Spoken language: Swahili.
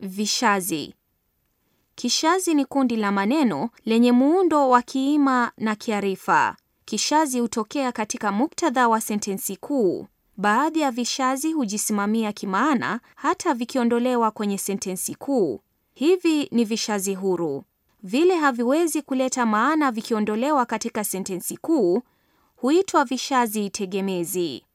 Vishazi. Kishazi ni kundi la maneno lenye muundo wa kiima na kiarifa. Kishazi hutokea katika muktadha wa sentensi kuu. Baadhi ya vishazi hujisimamia kimaana hata vikiondolewa kwenye sentensi kuu. Hivi ni vishazi huru. Vile haviwezi kuleta maana vikiondolewa katika sentensi kuu huitwa vishazi tegemezi.